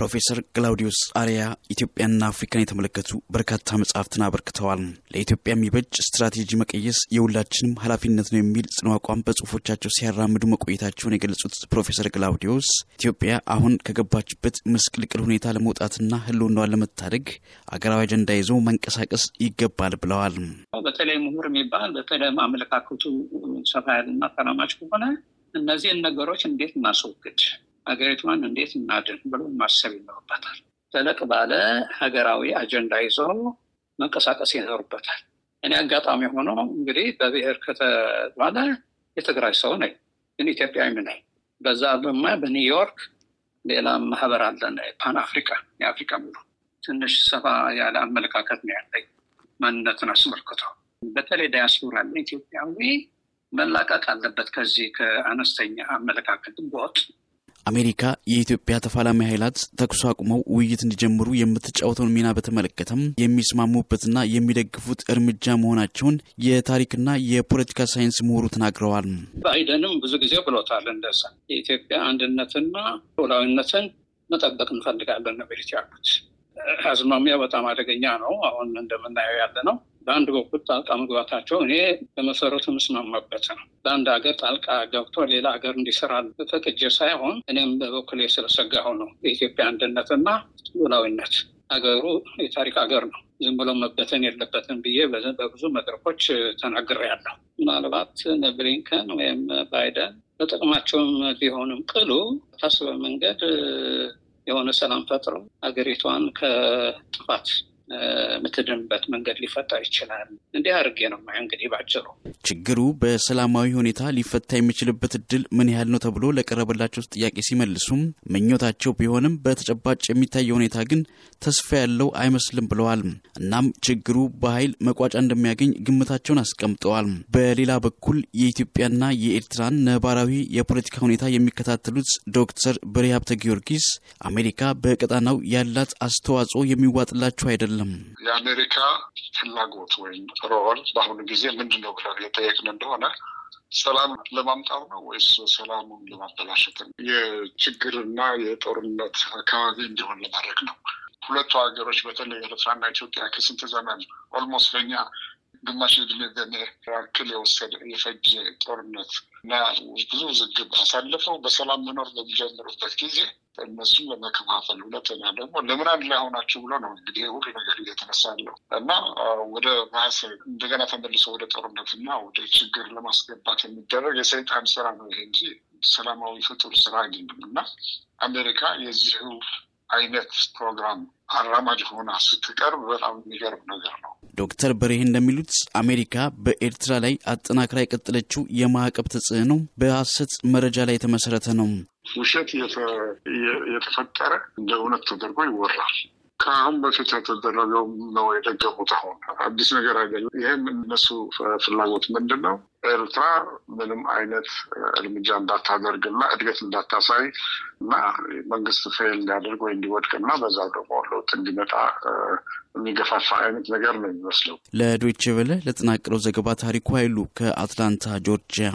ፕሮፌሰር ክላውዲዮስ አሪያ ኢትዮጵያና አፍሪካን የተመለከቱ በርካታ መጽሐፍትን አበርክተዋል። ለኢትዮጵያ የሚበጅ ስትራቴጂ መቀየስ የሁላችንም ኃላፊነት ነው የሚል ጽኑ አቋም በጽሁፎቻቸው ሲያራምዱ መቆየታቸውን የገለጹት ፕሮፌሰር ክላውዲዮስ ኢትዮጵያ አሁን ከገባችበት ምስቅልቅል ሁኔታ ለመውጣትና ህልውናዋን ለመታደግ አገራዊ አጀንዳ ይዞ መንቀሳቀስ ይገባል ብለዋል። በተለይ ምሁር የሚባል በተለይ አመለካከቱ ሰፋ ያለና ተራማጅ ከሆነ እነዚህን ነገሮች እንዴት እናስወግድ ሀገሪቷን እንዴት እናድን ብሎ ማሰብ ይኖርበታል። ተለቅ ባለ ሀገራዊ አጀንዳ ይዞ መንቀሳቀስ ይኖርበታል። እኔ አጋጣሚ ሆኖ እንግዲህ በብሔር ከተባለ የትግራይ ሰው ነኝ፣ ግን ኢትዮጵያዊም ነኝ። በዛ ብማ በኒውዮርክ ሌላ ማህበር አለን፣ ፓን አፍሪካ የአፍሪካ ሙሉ ትንሽ ሰፋ ያለ አመለካከት ነው ያለኝ ማንነትን አስመልክቶ። በተለይ ዳያስፖራ ኢትዮጵያዊ መላቀቅ አለበት ከዚህ ከአነስተኛ አመለካከት ጎጥ አሜሪካ የኢትዮጵያ ተፋላሚ ኃይላት ተኩስ አቁመው ውይይት እንዲጀምሩ የምትጫወተውን ሚና በተመለከተም የሚስማሙበትና የሚደግፉት እርምጃ መሆናቸውን የታሪክና የፖለቲካ ሳይንስ ምሁሩ ተናግረዋል። ባይደንም ብዙ ጊዜ ብሎታል እንደዛ የኢትዮጵያ አንድነትና ሉዓላዊነትን መጠበቅ እንፈልጋለን ነው ያሉት። አዝማሚያ በጣም አደገኛ ነው። አሁን እንደምናየው ያለ ነው። በአንድ በኩል ጣልቃ መግባታቸው እኔ በመሰረቱ ምስማማበት ነው። በአንድ ሀገር ጣልቃ ገብቶ ሌላ ሀገር እንዲሰራ ፈቅጄ ሳይሆን እኔም በበኩል የስለሰጋሁ ነው። የኢትዮጵያ አንድነትና ሉዓላዊነት ሀገሩ የታሪክ ሀገር ነው፣ ዝም ብሎ መበተን የለበትም ብዬ በብዙ መድረኮች ያለው ምናልባት ብሊንከን ወይም ባይደን በጥቅማቸውም ቢሆንም ቅሉ ታስበ መንገድ የሆነ ሰላም ፈጥሮ ሀገሪቷን ከጥፋት የምትድንበት መንገድ ሊፈታ ይችላል። እንዲህ አድርጌ ነው የማየው። እንግዲህ ባጭሩ ችግሩ በሰላማዊ ሁኔታ ሊፈታ የሚችልበት እድል ምን ያህል ነው ተብሎ ለቀረበላቸው ጥያቄ ሲመልሱም ምኞታቸው ቢሆንም በተጨባጭ የሚታየው ሁኔታ ግን ተስፋ ያለው አይመስልም ብለዋል። እናም ችግሩ በኃይል መቋጫ እንደሚያገኝ ግምታቸውን አስቀምጠዋል። በሌላ በኩል የኢትዮጵያና የኤርትራን ነባራዊ የፖለቲካ ሁኔታ የሚከታተሉት ዶክተር ብሬ ሀብተ ጊዮርጊስ አሜሪካ በቀጣናው ያላት አስተዋጽኦ የሚዋጥላቸው አይደለም አይደለም። የአሜሪካ ፍላጎት ወይም ሮል በአሁኑ ጊዜ ምንድን ነው ብለን የጠየቅን እንደሆነ ሰላም ለማምጣት ነው ወይስ ሰላሙን ለማበላሸት ነው? የችግርና የጦርነት አካባቢ እንዲሆን ለማድረግ ነው? ሁለቱ ሀገሮች በተለይ ኤርትራና ኢትዮጵያ ከስንት ዘመን ኦልሞስት ለኛ ግማሽ እድሜ በኔ ያክል የወሰደ የፈጀ ጦርነት እና ብዙ ውዝግብ አሳልፈው በሰላም መኖር በሚጀምሩበት ጊዜ እነሱም ለመከፋፈል ሁለተኛ ደግሞ ለምን አንድ ላይ ሆናችሁ ብሎ ነው እንግዲህ ሁሉ ነገር እየተነሳ ያለው እና ወደ ባሰ እንደገና ተመልሶ ወደ ጦርነትና ወደ ችግር ለማስገባት የሚደረግ የሰይጣን ስራ ነው ይሄ እንጂ ሰላማዊ ፍጡር ስራ አይደለም። እና አሜሪካ የዚሁ አይነት ፕሮግራም አራማጅ ሆና ስትቀርብ በጣም የሚገርም ነገር ነው። ዶክተር በርሄ እንደሚሉት አሜሪካ በኤርትራ ላይ አጠናክራ የቀጠለችው የማዕቀብ ተጽዕኖ በሐሰት መረጃ ላይ የተመሰረተ ነው። ውሸት የተፈጠረ እንደ እውነት ተደርጎ ይወራል። ከአሁን በፊት የተደረገው ነው የደገሙት። አሁን አዲስ ነገር አይደለም። ይህም እነሱ ፍላጎት ምንድን ነው? ኤርትራ ምንም አይነት እርምጃ እንዳታደርግና እድገት እንዳታሳይ እና መንግስት ፌል እንዲያደርግ ወይ እንዲወድቅና በዛ ደግሞ ለውጥ እንዲመጣ የሚገፋፋ አይነት ነገር ነው የሚመስለው። ለዶይቼ ቬለ ለተጠናቀረው ዘገባ ታሪኩ ኃይሉ ከአትላንታ ጆርጂያ